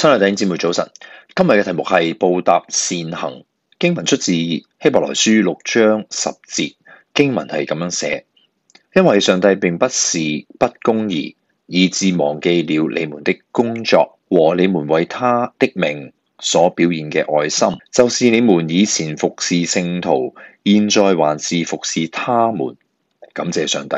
親愛的弟兄姊妹，早晨！今日嘅題目係報答善行，經文出自希伯來書六章十節，經文係咁樣寫：因為上帝並不是不公義，以致忘記了你們的工作和你們為他的名所表現嘅愛心，就是你們以前服侍聖徒，現在還是服侍他們，感謝上帝。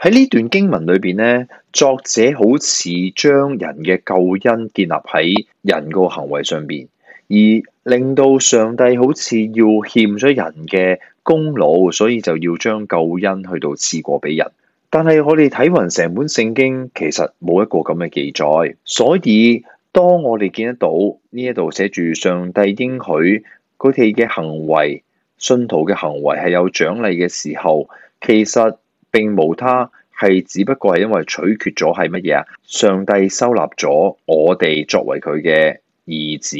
喺呢段經文裏邊咧，作者好似將人嘅救恩建立喺人個行為上邊，而令到上帝好似要欠咗人嘅功勞，所以就要將救恩去到賜過俾人。但係我哋睇勻成本聖經，其實冇一個咁嘅記載。所以當我哋見得到呢一度寫住上帝應許佢哋嘅行為、信徒嘅行為係有獎勵嘅時候，其實。並冇，他係只不過係因為取決咗係乜嘢啊？上帝收納咗我哋作為佢嘅兒子，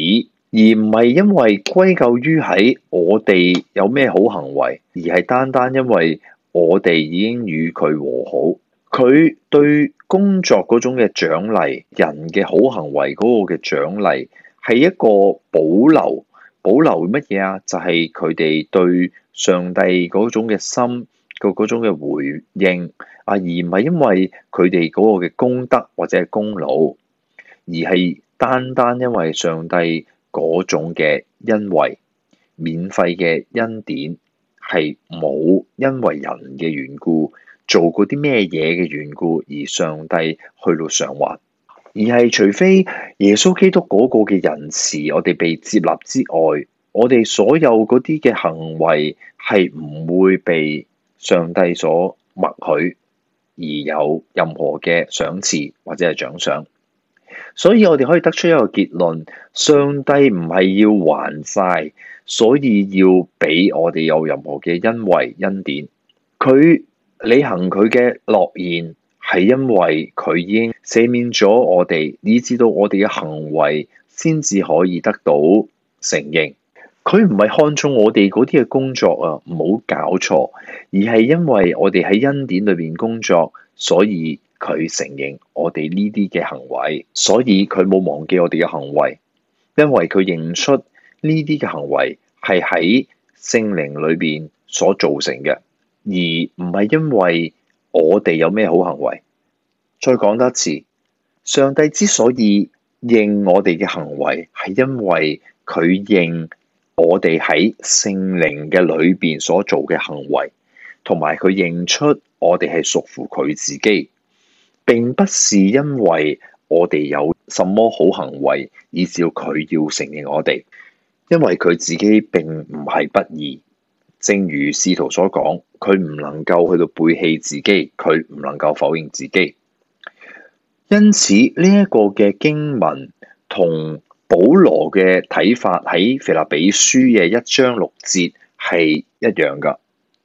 而唔係因為歸咎於喺我哋有咩好行為，而係單單因為我哋已經與佢和好。佢對工作嗰種嘅獎勵，人嘅好行為嗰個嘅獎勵，係一個保留，保留乜嘢啊？就係佢哋對上帝嗰種嘅心。個嗰種嘅回應啊，而唔係因為佢哋嗰個嘅功德或者係功勞，而係單單因為上帝嗰種嘅恩惠、免費嘅恩典，係冇因為人嘅緣故做過啲咩嘢嘅緣故，而上帝去到償還，而係除非耶穌基督嗰個嘅仁慈我哋被接納之外，我哋所有嗰啲嘅行為係唔會被。上帝所默許而有任何嘅賞賜或者係獎賞，所以我哋可以得出一個結論：上帝唔係要還晒，所以要俾我哋有任何嘅恩惠恩典。佢履行佢嘅諾言，係因為佢已經赦免咗我哋，以致到我哋嘅行為先至可以得到承認。佢唔係看重我哋嗰啲嘅工作啊，唔好搞錯，而係因為我哋喺恩典裏面工作，所以佢承認我哋呢啲嘅行為，所以佢冇忘記我哋嘅行為，因為佢認出呢啲嘅行為係喺聖靈裏邊所造成嘅，而唔係因為我哋有咩好行為。再講多次，上帝之所以認我哋嘅行為，係因為佢認。我哋喺聖靈嘅裏邊所做嘅行為，同埋佢認出我哋係屬乎佢自己，並不是因為我哋有什麼好行為，以至佢要承認我哋，因為佢自己並唔係不義。正如使徒所講，佢唔能夠去到背棄自己，佢唔能夠否認自己。因此呢一個嘅經文同。保羅嘅睇法喺腓立比書嘅一章六節係一樣噶，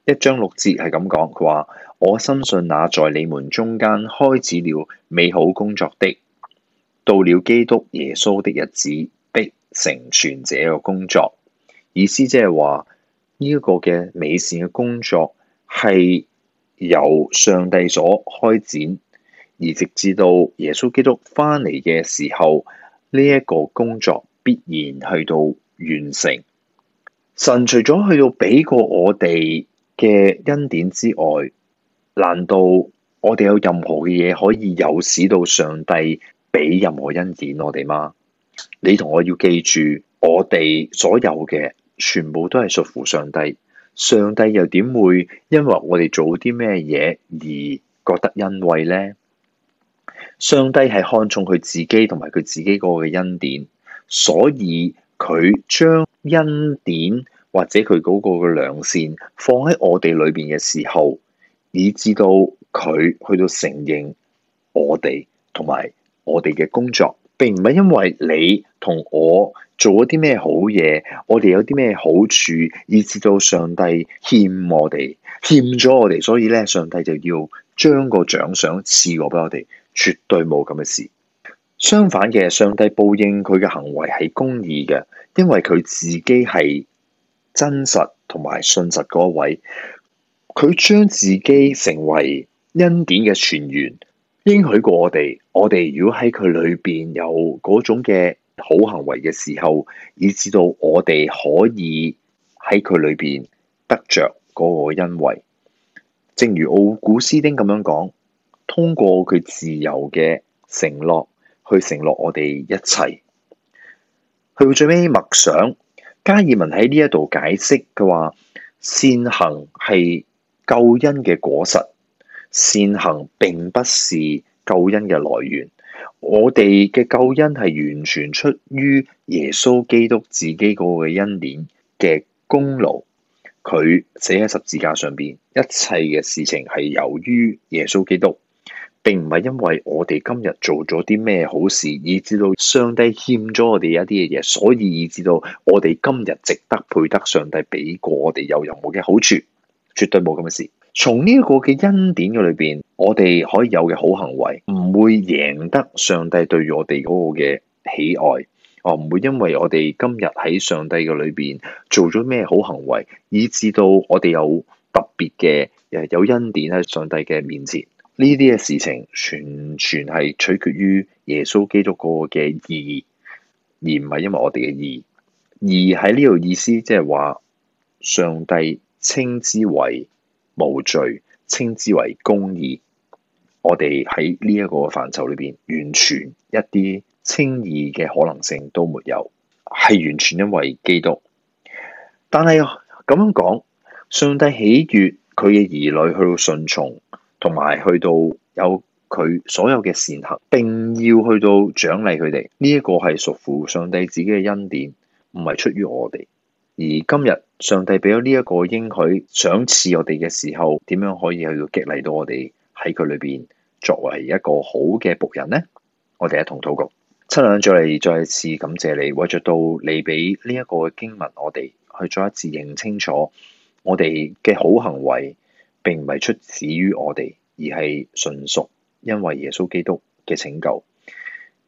一章六節係咁講，佢話我深信那在你們中間開始了美好工作的，到了基督耶穌的日子必成全這個工作，意思即係話呢一個嘅美善嘅工作係由上帝所開展，而直至到耶穌基督翻嚟嘅時候。呢一個工作必然去到完成。神除咗去到俾過我哋嘅恩典之外，難道我哋有任何嘅嘢可以誘使到上帝俾任何恩典我哋嗎？你同我要記住，我哋所有嘅全部都係屬乎上帝。上帝又點會因為我哋做啲咩嘢而覺得欣慰呢？上帝係看重佢自己同埋佢自己個嘅恩典，所以佢將恩典或者佢嗰個嘅良善放喺我哋裏邊嘅時候，以至到佢去到承認我哋同埋我哋嘅工作，並唔係因為你同我做咗啲咩好嘢，我哋有啲咩好處，以至到上帝欠我哋欠咗我哋，所以咧，上帝就要將個獎賞賜過俾我哋。絕對冇咁嘅事。相反嘅，上帝報應佢嘅行為係公義嘅，因為佢自己係真實同埋信實嗰一位。佢將自己成為恩典嘅傳員，應許過我哋。我哋如果喺佢裏邊有嗰種嘅好行為嘅時候，以至到我哋可以喺佢裏邊得着嗰個恩惠。正如奧古斯丁咁樣講。通過佢自由嘅承諾去承諾我哋一切，去到最尾默想，加爾文喺呢一度解釋，佢話善行係救恩嘅果實，善行並不是救恩嘅來源。我哋嘅救恩係完全出於耶穌基督自己嗰個恩典嘅功勞。佢寫喺十字架上邊，一切嘅事情係由於耶穌基督。並唔係因為我哋今日做咗啲咩好事，以至到上帝欠咗我哋一啲嘅嘢，所以以至到我哋今日值得配得上帝俾過我哋有任何嘅好處，絕對冇咁嘅事。從呢一個嘅恩典嘅裏邊，我哋可以有嘅好行為，唔會贏得上帝對我哋嗰個嘅喜愛。哦，唔會因為我哋今日喺上帝嘅裏邊做咗咩好行為，以至到我哋有特別嘅誒有恩典喺上帝嘅面前。呢啲嘅事情全全係取決於耶穌基督嗰個嘅意義，而唔係因為我哋嘅意義。而喺呢度意思，即係話上帝稱之為無罪，稱之為公義。我哋喺呢一個範疇裏邊，完全一啲稱義嘅可能性都沒有，係完全因為基督。但係啊，咁樣講，上帝喜悅佢嘅兒女去到順從。同埋去到有佢所有嘅善行，並要去到獎勵佢哋，呢一個係屬乎上帝自己嘅恩典，唔係出於我哋。而今日上帝俾咗呢一個應許，賞賜我哋嘅時候，點樣可以去到激勵到我哋喺佢裏邊作為一個好嘅僕人呢？我哋一同禱告，親兩再嚟，再一次感謝你，為着到你俾呢一個經文我，我哋去再一次認清楚我哋嘅好行為。並唔係出自於我哋，而係純屬因為耶穌基督嘅拯救。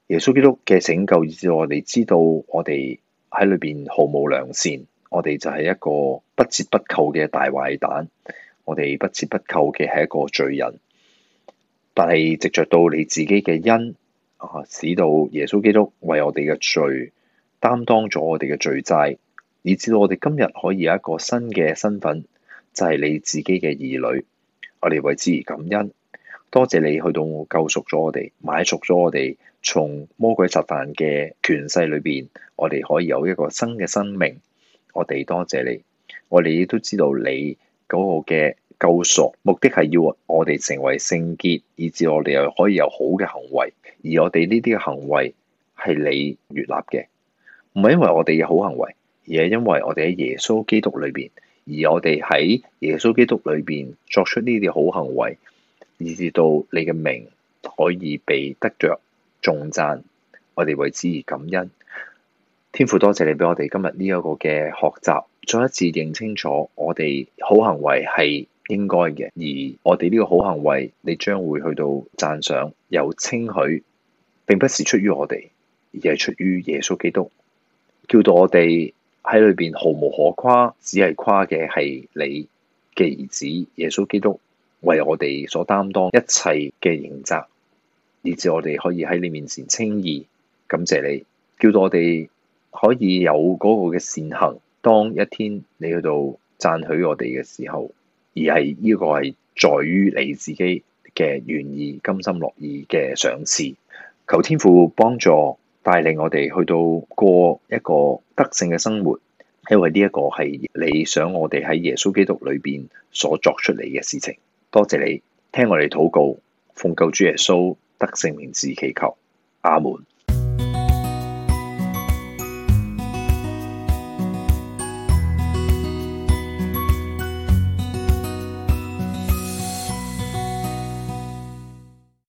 耶穌基督嘅拯救，以致我哋知道我哋喺裏面毫無良善，我哋就係一個不折不扣嘅大壞蛋，我哋不折不扣嘅係一個罪人。但係藉着到你自己嘅恩啊，使到耶穌基督為我哋嘅罪擔當咗我哋嘅罪債，以致到我哋今日可以有一個新嘅身份。就係你自己嘅兒女，我哋為之而感恩，多謝你去到救贖咗我哋，買贖咗我哋，從魔鬼撒旦嘅權勢裏邊，我哋可以有一個新嘅生命，我哋多謝你。我哋都知道你嗰個嘅救贖目的係要我哋成為聖潔，以至我哋又可以有好嘅行為，而我哋呢啲嘅行為係你悅納嘅，唔係因為我哋嘅好行為，而係因為我哋喺耶穌基督裏邊。而我哋喺耶穌基督裏邊作出呢啲好行為，以至到你嘅名可以被得着重讚，我哋為之而感恩。天父多謝你俾我哋今日呢一個嘅學習，再一次認清楚我哋好行為係應該嘅，而我哋呢個好行為，你將會去到讚賞又稱許，並不是出於我哋，而係出於耶穌基督，叫到我哋。喺裏邊毫無可誇，只係誇嘅係你嘅兒子耶穌基督為我哋所擔當一切嘅刑責，以致我哋可以喺你面前稱義。感謝你，叫到我哋可以有嗰個嘅善行。當一天你去到讚許我哋嘅時候，而係呢個係在於你自己嘅願意、甘心樂意嘅賞賜。求天父幫助。帶領我哋去到過一個德性嘅生活，因為呢一個係你想我哋喺耶穌基督裏邊所作出嚟嘅事情。多謝你聽我哋禱告，奉救主耶穌得勝名字祈求，阿門。